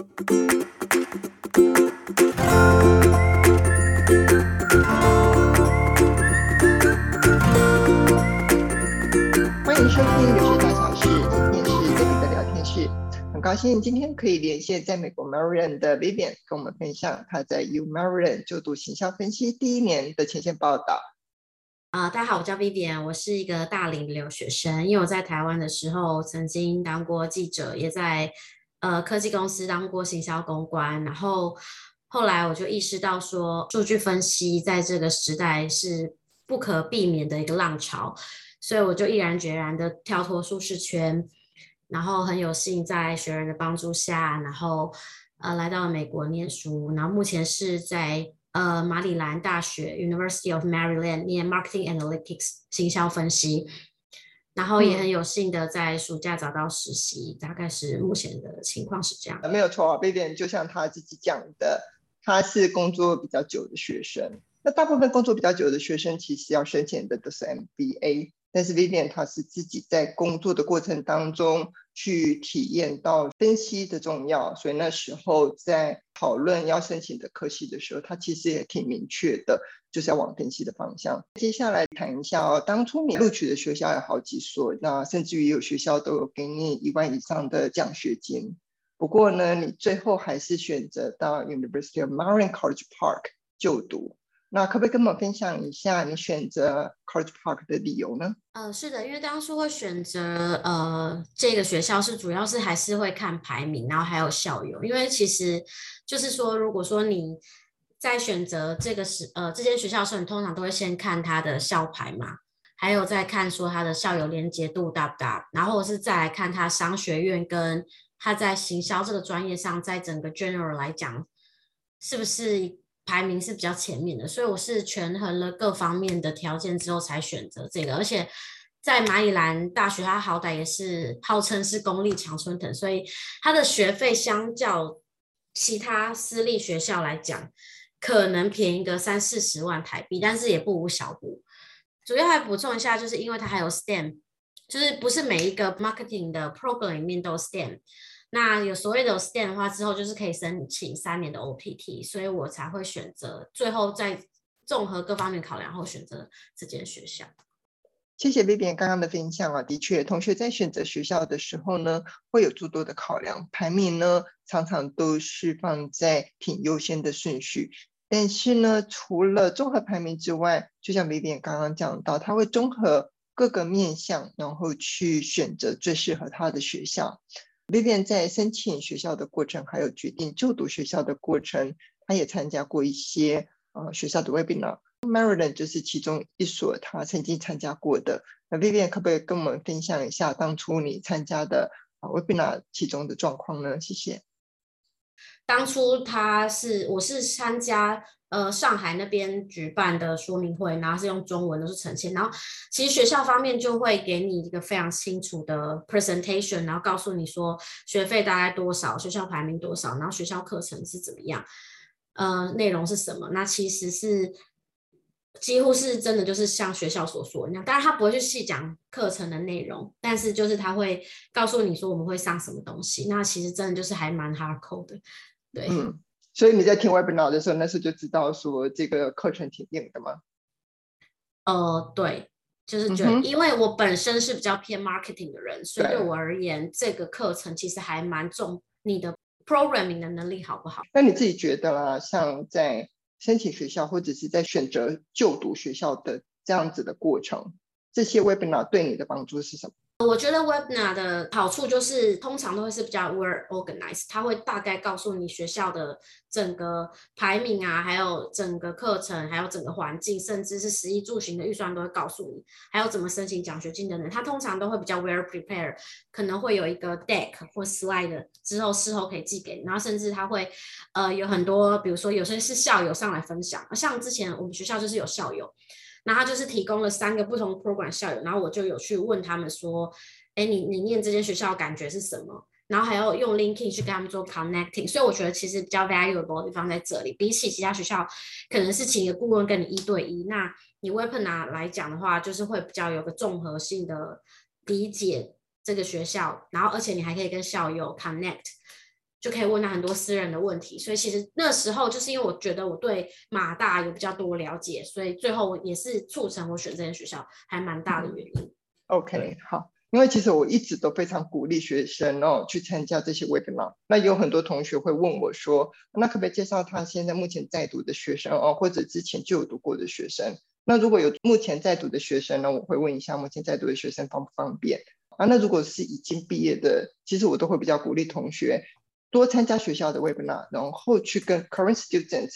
歡迎收聽留學大小事，今天是 Debbie 的聊天室，很高興今天可以連線在美國 Maryland 的 Vivienne，跟我們分享她在 U Maryland 就讀行銷分析第一年的前線報道。Uh, 大家好，我叫 Vivienne，我是一個大齡留學生，因為我在台灣的時候曾經當過記者，也在。呃，科技公司當過行銷公關，然後後來我就意識到說，數據分析在這個時代是不可避免的一個浪潮，所以我就毅然決然的跳脫舒適圈，然後很有幸在學人的幫助下，然後呃來到了美國念書，然後目前是在呃馬里蘭大學 University of Maryland 念 Marketing Analytics 行銷分析。然後也很有幸的在暑假找到實習，嗯、大概是目前的情況是這樣的。沒有錯啊，Vivienne 就像他自己講的，他是工作比較久的學生。那大部分工作比較久的學生其實要申請的都是 MBA，但是 Vivienne 他是自己在工作的過程當中。去體驗到分析的重要，所以那時候在討論要申請的科系的時候，他其實也挺明確的，就是要往分析的方向。接下來談一下哦，當初你錄取的學校有好幾所，那甚至於有學校都有給你一萬以上的獎學金。不過呢，你最後還是選擇到 University of Maryland College Park 就讀。那可不可以跟我分享一下你選擇 College Park 的理由呢？嗯、呃，是的，因為當初會選擇呃這個學校是主要是還是會看排名，然後還有校友。因為其實就是說，如果說你在選擇這個時，呃，這間學校的時候，你通常都會先看它的校牌嘛，還有再看說它的校友連接度大不大，然後是再來看它商學院跟它在行銷這個專業上，在整個 general 來講是不是。排名是比較前面的，所以我是權衡了各方面的條件之後才選擇這個。而且在馬里蘭大學，它好歹也是號稱是公立常春藤，所以它的學費相較其他私立學校來講，可能便宜個三四十萬台幣，但是也不無小補。主要還補充一下，就是因為它還有 STEM，就是不是每一個 marketing 的 program 裡面都有 STEM。那有所謂的 STEM 的話，之後就是可以申請三年的 OPT，所以我才會選擇最後再綜合各方面考量後選擇這間學校。謝謝 Vivienne 剛剛的分享啊，的確，同學在選擇學校的時候呢，會有諸多的考量，排名呢常常都是放在挺優先的順序。但是呢，除了綜合排名之外，就像 Vivienne 剛剛講到，他會綜合各個面向，然後去選擇最適合他的學校。Vivienne 在申請學校的過程，還有決定就讀學校的過程，她也參加過一些呃學校的 Webinar。Maryland 就是其中一所她曾經參加過的。那 Vivienne 可不可以跟我們分享一下當初你參加的啊 Webinar 其中的狀況呢？謝謝。當初他是我是參加呃上海那邊舉辦的說明會，然後是用中文的，就是呈現。然後其實學校方面就會給你一個非常清楚的 presentation，然後告訴你說學費大概多少，學校排名多少，然後學校課程是怎麼樣，呃內容是什麼。那其實是幾乎是真的就是像學校所說那樣，當然他不會去細講課程的內容，但是就是他會告訴你說我們會上什麼東西。那其實真的就是還蠻 hardcore 的。對、嗯，所以你在聽 Webinar 的時候，那時候就知道說這個課程挺硬的嗎？哦、呃，對，就是覺得、嗯，因為我本身是比較偏 Marketing 的人，所以對我而言，這個課程其實還蠻重你的 Programming 的能力好不好？那你自己覺得啦，像在申請學校或者是在選擇就讀學校的這樣子的過程，這些 Webinar 對你的幫助是什麼？我覺得 webinar 的好處就是，通常都會是比較 well organized，它會大概告訴你學校的整個排名啊，還有整個課程，還有整個環境，甚至是食衣住行的預算都會告訴你，還有怎麼申請獎學金等等。它通常都會比較 well prepared，可能會有一個 deck 或 slide 之後事後可以寄給你，然後甚至它會呃有很多，比如說有些是校友上來分享，像之前我們學校就是有校友。然後他就是提供了三個不同 program 校友，然後我就有去問他們說，哎，你你念這間學校感覺是什麼？然後還要用 linking 去跟他們做 connecting，所以我覺得其實比較 valuable 的地方在這裡，比起其他學校，可能是請一個顧問跟你一對一，那你 weapon 啊，來講的話，就是會比較有個綜合性的理解這個學校，然後而且你還可以跟校友 connect。就可以問他很多私人的問題，所以其實那時候就是因為我覺得我對馬大有比較多了解，所以最後我也是促成我選這間學校還蠻大的原因。OK，好，因為其實我一直都非常鼓勵學生哦去參加這些 w e e k e n d，那有很多同學會問我說，那可不可以介紹他現在目前在讀的學生哦，或者之前就讀過的學生？那如果有目前在讀的學生呢，我會問一下目前在讀的學生方不方便啊？那如果是已經畢業的，其實我都會比較鼓勵同學。多參加學校的 webinar 然後去跟 current students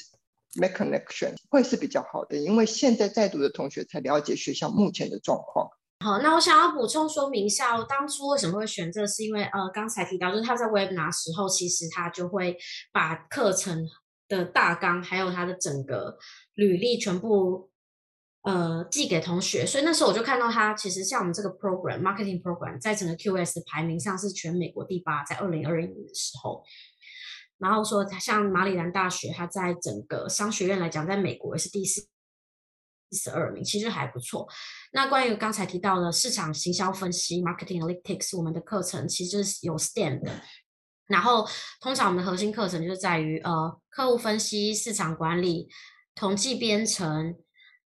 make connection，會是比較好的，因為現在在讀的同學才了解學校目前的狀況。好，那我想要補充說明一下，我當初為什麼會選擇，是因為呃，剛才提到就是他在 webinar 時候，其實他就會把課程的大綱，還有他的整個履歷全部。呃，寄給同學，所以那時候我就看到它，其實像我們這個 program marketing program，在整個 QS 排名上是全美國第八，在二零二零年的時候。然後說它像馬里蘭大學，它在整個商學院來講，在美國也是第四、第十二名，其實還不錯。那關於剛才提到的市場行銷分析 （marketing analytics），我們的課程其實是有 STEM 的。然後，通常我們的核心課程就是在於呃，客戶分析、市場管理、統計編程。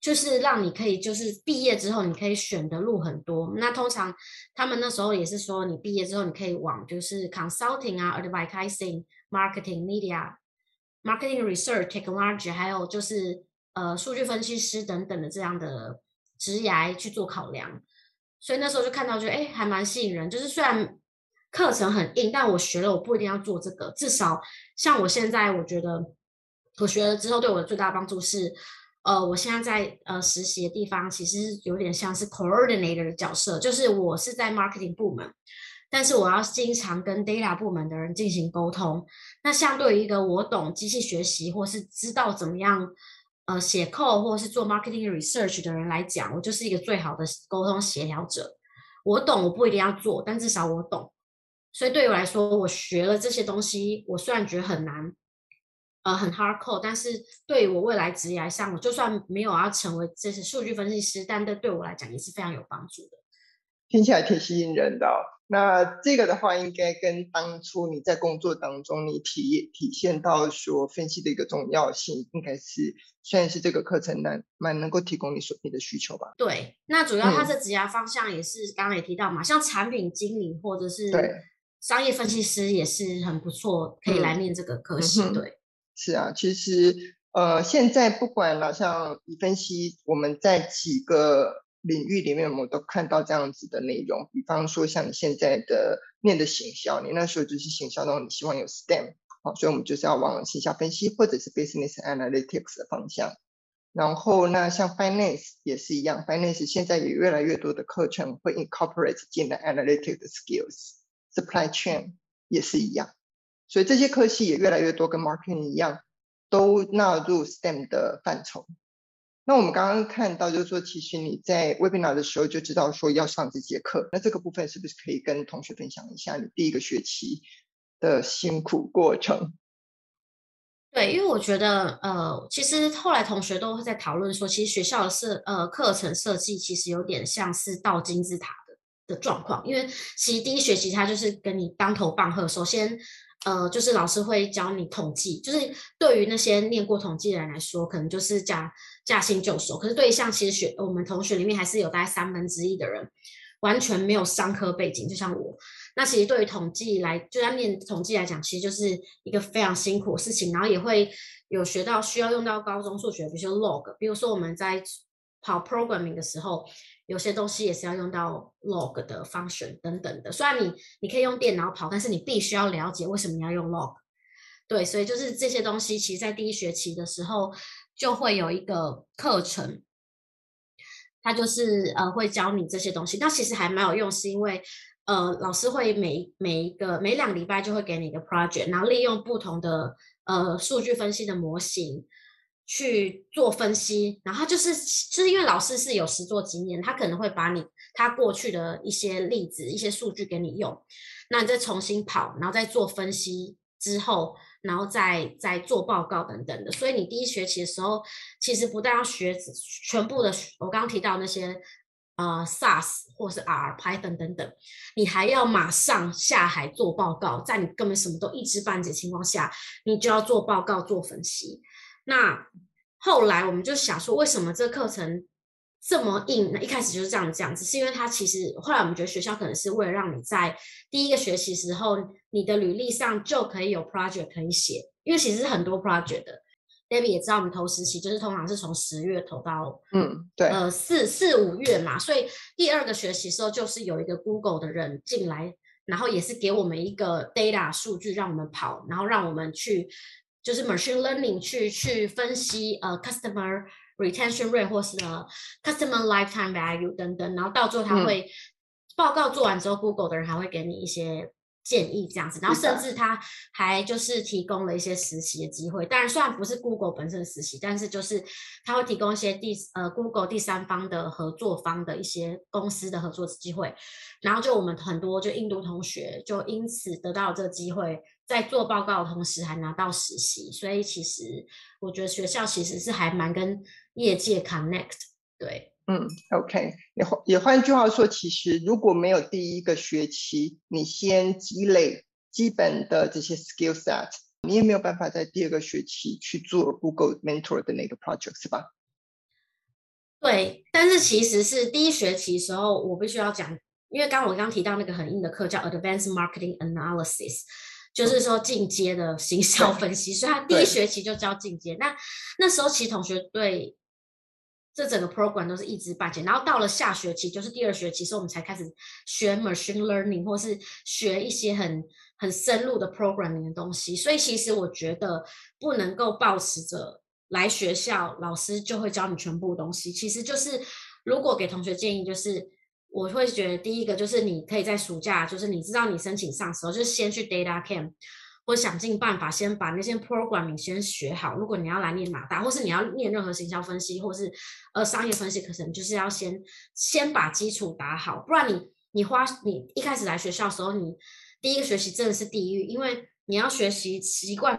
就是讓你可以，就是畢業之後你可以選的路很多。那通常他們那時候也是說，你畢業之後你可以往就是 consulting 啊、advertising、marketing、media、marketing research、technology，還有就是呃數據分析師等等的這樣的職業去做考量。所以那時候就看到，就哎還蠻吸引人。就是雖然課程很硬，但我學了我不一定要做這個。至少像我現在，我覺得我學了之後對我的最大幫助是。呃，我現在在呃實習的地方，其實是有點像是 coordinator 的角色，就是我是在 marketing 部門，但是我要經常跟 data 部門的人進行溝通。那相對於一個我懂機器學習，或是知道怎麼樣呃寫 code 或是做 marketing research 的人來講，我就是一個最好的溝通協調者。我懂，我不一定要做，但至少我懂。所以對我來說，我學了這些東西，我雖然覺得很難。呃，很 hardcore，但是對我未來職業方向，我就算沒有要成為這些數據分析師，但這對我來講也是非常有幫助的。聽起來挺吸引人的哦。那這個的話，應該跟當初你在工作當中你體體現到說分析的一個重要性，應該是雖然是這個課程，能蠻能夠提供你所謂的需求吧？對，那主要它的職業方向也是剛剛也提到嘛，嗯、像產品經理或者是對商業分析師也是很不錯，可以來念這個科系、嗯、對。是啊，其實呃，現在不管哪像你分析，我們在幾個領域裡面，我們都看到這樣子的內容。比方說，像你現在的念的行銷，你那時候就是行銷中，你希望有 STEM 好，啊，所以我們就是要往行銷分析或者是 business analytics 的方向。然後那像 finance 也是一樣，finance 現在有越來越多的課程會 incorporate 進的 analytics 的 skills。Supply chain 也是一樣。所以這些科系也越來越多，跟 marketing 一樣，都納入 STEM 的範疇。那我們剛剛看到，就是說，其實你在 webinar 的時候就知道說要上這節課。那這個部分是不是可以跟同學分享一下你第一個學期的辛苦過程？對，因為我覺得，呃，其實後來同學都會在討論說，其實學校的設，呃，課程設計其實有點像是倒金字塔的狀況，因為其實第一學期他就是跟你當頭棒喝。首先，呃，就是老師會教你統計，就是對於那些念過統計的人來說，可能就是駕駕輕就熟。可是對於像其實學我們同學裡面還是有大概三分之一的人，完全沒有商科背景，就像我。那其實對於統計來，就算念統計來講，其實就是一個非常辛苦的事情。然後也會有學到需要用到高中數學，比如說 log，比如說我們在跑 programming 的時候。有些東西也是要用到 log 的 function 等等的，雖然你你可以用電腦跑，但是你必須要了解為什麼你要用 log。對，所以就是這些東西，其實，在第一學期的時候就會有一個課程，它就是呃會教你這些東西。那其實還蠻有用，是因為呃老師會每每一個每兩禮拜就會給你一個 project，然後利用不同的呃數據分析的模型。去做分析，然後就是、就是因為老師是有實作經驗，他可能會把你他過去的一些例子、一些數據給你用，那你再重新跑，然後再做分析之後，然後再再做報告等等的。所以你第一學期的時候，其實不但要學全部的，我剛剛提到那些呃 SAS 或是 R Python 等等，你還要馬上下海做報告，在你根本什麼都一知半解情況下，你就要做報告做分析。那後來我們就想說，為什麼這個課程這麼硬呢？那一開始就是這樣，這樣子，是因為它其實後來我們覺得學校可能是為了讓你在第一個學期時候，你的履歷上就可以有 project 可以寫，因為其實是很多 project 的。David 也知道我們投實習就是通常是從十月投到嗯對呃四四五月嘛，所以第二個學期時候就是有一個 Google 的人進來，然後也是給我們一個 data 數據讓我們跑，然後讓我們去。就是 machine learning 去去分析呃、uh, customer retention rate 或是呃、uh, customer lifetime value 等等，然後到最後他會報告做完之後、嗯、Google 的人還會給你一些建議這樣子，然後甚至他還就是提供了一些實習的機會。當然，但雖然不是 Google 本身的實習，但是就是他會提供一些第呃 Google 第三方的合作方的一些公司的合作機會。然後就我們很多就印度同學就因此得到這個機會。在做報告的同時還拿到實習，所以其實我覺得學校其實是還蠻跟業界 connect。對，嗯，OK。也換也換句話說，其實如果沒有第一個學期你先積累基本的這些 skill set，你也沒有辦法在第二個學期去做 Google mentor 的那個 project，是吧？對，但是其實是第一學期時候我必須要講，因為剛我剛提到那個很硬的課叫 Advanced Marketing Analysis。就是說，進階的行銷分析，所以他第一學期就教進階。那那時候其實同學對這整個 program 都是一知半解，然後到了下學期，就是第二學期，時候我們才開始學 machine learning 或是學一些很很深入的 programming 的東西。所以其實我覺得不能夠抱持着來學校老師就會教你全部的東西。其實就是如果給同學建議，就是，我會覺得，第一個就是你可以在暑假，就是你知道你申請上時候，就是先去 DataCamp，或想盡辦法先把那些 programming 先學好。如果你要來念馬大，或是你要念任何行銷分析，或是呃商業分析課程，是就是要先先把基礎打好，不然你你花你一開始來學校的時候，你第一個學習真的是地獄，因為你要學習習慣。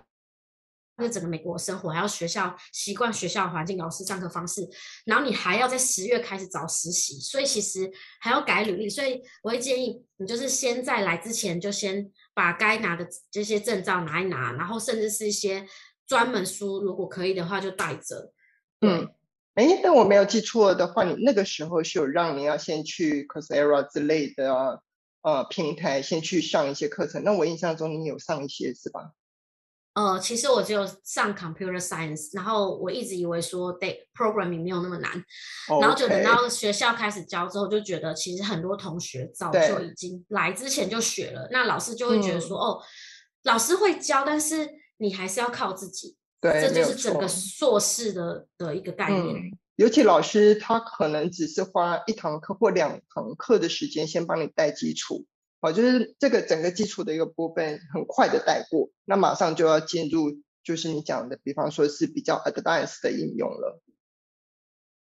那整個美國生活，還要學校習慣學校環境、老師上課方式，然後你還要在十月開始找實習，所以其實還要改履歷。所以我會建議你，就是先在來之前就先把該拿的這些證照拿一拿，然後甚至是一些專門書，如果可以的話就帶着。嗯，哎，但我沒有記錯的話，嗯，你那個時候是有讓你要先去 Coursera 之類的呃平台先去上一些課程。那我印象中你有上一些是吧？呃，其實我只有上 computer science，然後我一直以為說，對，programming 沒有那麼難，Okay. 然後就等到學校開始教之後，就覺得其實很多同學早就已經來之前就學了，那老師就會覺得說、嗯，哦，老師會教，但是你還是要靠自己，對，這就是整個碩士的的一個概念、嗯。尤其老師他可能只是花一堂課或兩堂課的時間，先幫你帶基礎。哦，就是這個整個基礎的一個部分，很快的帶過，那馬上就要進入就是你講的，比方說是比較 advanced 的應用了。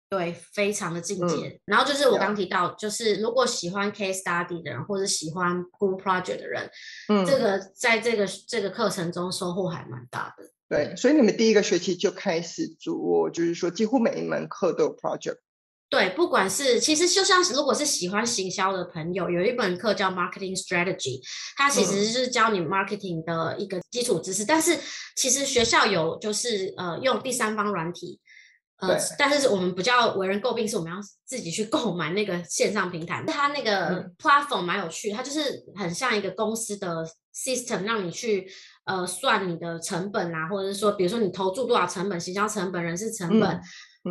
對，非常的進階。嗯、然後就是我剛提到、嗯，就是如果喜歡 case study 的人，或者喜歡 group project 的人，嗯、這個在這個這個課程中收穫還蠻大的對。對，所以你們第一個學期就開始做，就是說幾乎每一門課都有 project。對，不管是其實就像如果是喜歡行銷的朋友，有一本課叫 Marketing Strategy，它其實就是教你 marketing 的一個基礎知識。嗯、但是其實學校有就是呃用第三方軟體，呃，但是我們比較為人詬病，是我們要自己去購買那個線上平台。它那個 platform 蠻有趣，它就是很像一個公司的 system，讓你去呃算你的成本啦、啊，或者是說比如說你投注多少成本，行銷成本、人事成本。嗯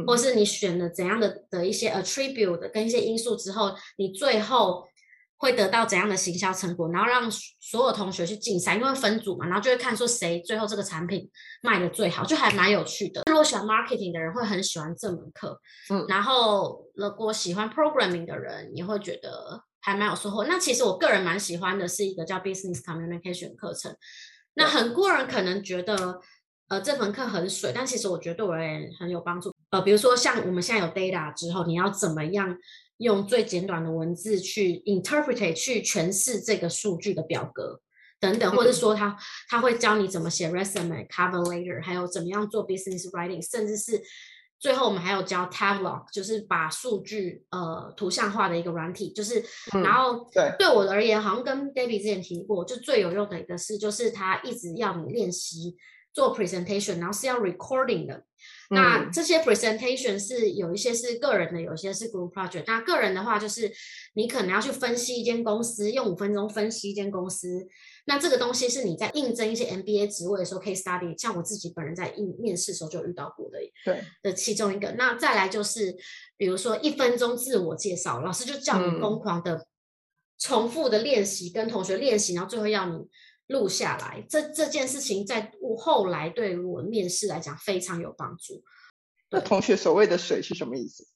或是你選了怎樣的的一些 attribute 的跟一些因素之後，你最後會得到怎樣的行銷成果，然後讓所有同學去競賽，因為分組嘛，然後就會看說誰最後這個產品賣的最好，就還蠻有趣的。如果喜歡 marketing 的人會很喜歡這門課，嗯，然後如果喜歡 programming 的人也會覺得還蠻有收穫。那其實我個人蠻喜歡的是一個叫 business communication 課程。那很多人可能覺得呃這門課很水，但其實我覺得對我也很有幫助。呃，比如說像我們現在有 data 之後，你要怎麼樣用最簡短的文字去 interpret 去詮釋這個數據的表格等等，或者說他他會教你怎麼寫 resume、cover letter，還有怎麼樣做 business writing，甚至是最後我們還有教 Tableau 就是把數據呃圖像化的一個軟體。就是然後對對我而言，嗯、好像跟 Debbie 之前提過，就最有用的一個是，就是他一直要你練習。做 presentation，然後是要 recording 的、嗯。那這些 presentation 是有一些是個人的，有一些是 group project。那個人的話，就是你可能要去分析一間公司，用五分鐘分析一間公司。那這個東西是你在應徵一些 MBA 職位的時候可以 study。像我自己本人在應面試的時候就遇到過的，對的其中一個。那再來就是，比如說一分鐘自我介紹，老師就叫你瘋狂的重複的練習，跟同學練習，然後最後要你。錄下來，這這件事情在我後來對於我面試來講非常有幫助。那同學所謂的“水”是什麼意思？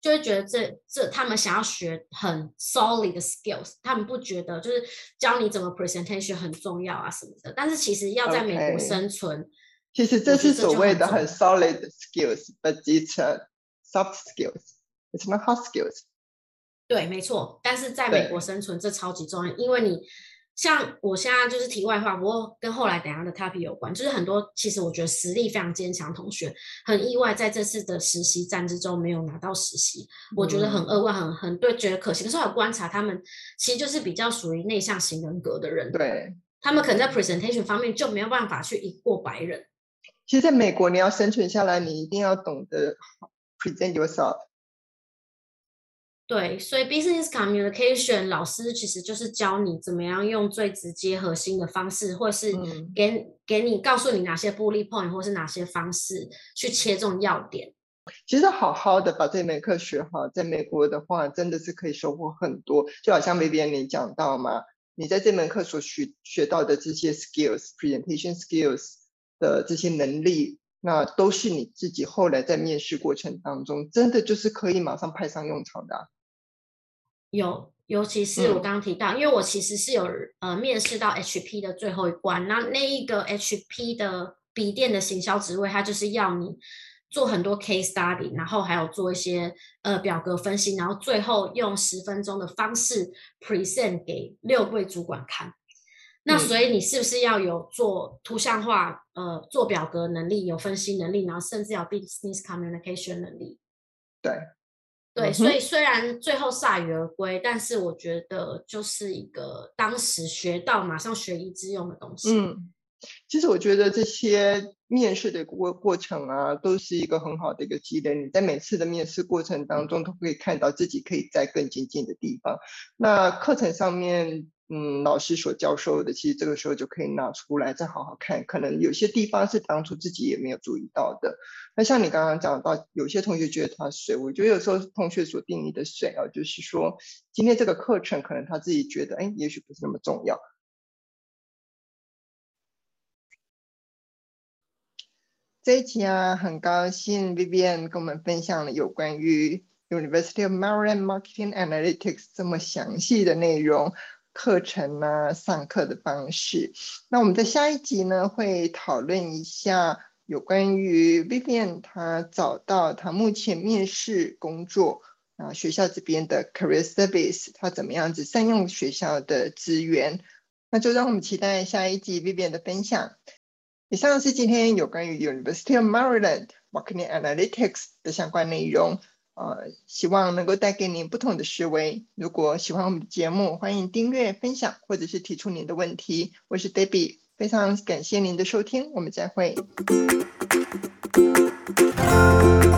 就會覺得這這他們想要學很 solid skills，他們不覺得就是教你怎麼 presentation 很重要啊什麼的。但是其實要在美國生存，okay. 其實這是所謂的很 solid skills，but it's a soft skills，it's not hard skills。對，沒錯。但是在美國生存這超級重要，因為你。像我現在就是題外話，不過跟後來等下的 topic 有關，就是很多其實我覺得實力非常堅強同學，很意外在這次的實習戰之中沒有拿到實習，我覺得很扼腕，很很對，覺得可惜。可是我觀察他們，其實就是比較屬於內向型人格的人，對，他們可能在 presentation 方面就沒有辦法去贏過白人。其實，在美國你要生存下來，你一定要懂得 present yourself。對，所以 business communication 老師其實就是教你怎麼樣用最直接核心的方式，或是給、嗯、給你告訴你哪些不利 point 或是哪些方式去切中要點。其實好好的把這門課學好，在美國的話真的是可以收穫很多。就好像沒別人 b a n 你講到嘛、嗯，你在這門課所學學到的這些 skills，presentation skills 的這些能力。那都是你自己後來在面試過程當中，真的就是可以馬上派上用場的、啊。有，尤其是我剛剛提到，嗯、因為我其實是有呃面試到 HP 的最後一關，那那一個 HP 的筆電的行銷職位，它就是要你做很多 case study，然後還有做一些呃表格分析，然後最後用十分鐘的方式 present 給六位主管看。那所以你是不是要有做圖像化、嗯、呃做表格能力，有分析能力，然後甚至要 Business Communication 能力？對，對，嗯、所以雖然最後鎩羽而歸，但是我覺得就是一個當時學到馬上學以致用的東西。嗯，其實我覺得這些面試的過過程啊，都是一個很好的一個積累。你在每次的面試過程當中，都可以看到自己可以在更精進的地方。嗯、那課程上面。嗯，老師所教授的，其實這個時候就可以拿出來再好好看，可能有些地方是當初自己也沒有注意到的。那像你剛剛講到，有些同學覺得他水，我覺得有時候同學所定義的水啊，就是說今天這個課程可能他自己覺得，哎、欸，也許不是那麼重要。這一期啊，很高興 Vivienne 跟我們分享了有關於 University of Maryland Marketing Analytics 這麼詳細的內容。課程呢、啊，上課的方式。那我們在下一集呢，會討論一下有關於 Vivienne 她，找到她目前面試工作啊，學校這邊的 Career Service，她怎麼樣子善用學校的資源。那就讓我們期待下一集 Vivienne 的分享。以上是今天有關於 University of Maryland Marketing Analytics 的相關內容。呃，希望能夠帶給您不同的思維。如果喜歡我們的節目，歡迎訂閱、分享，或者是提出您的問題。我是 Debbie，非常感謝您的收聽，我們再會。嗯嗯嗯嗯嗯嗯嗯嗯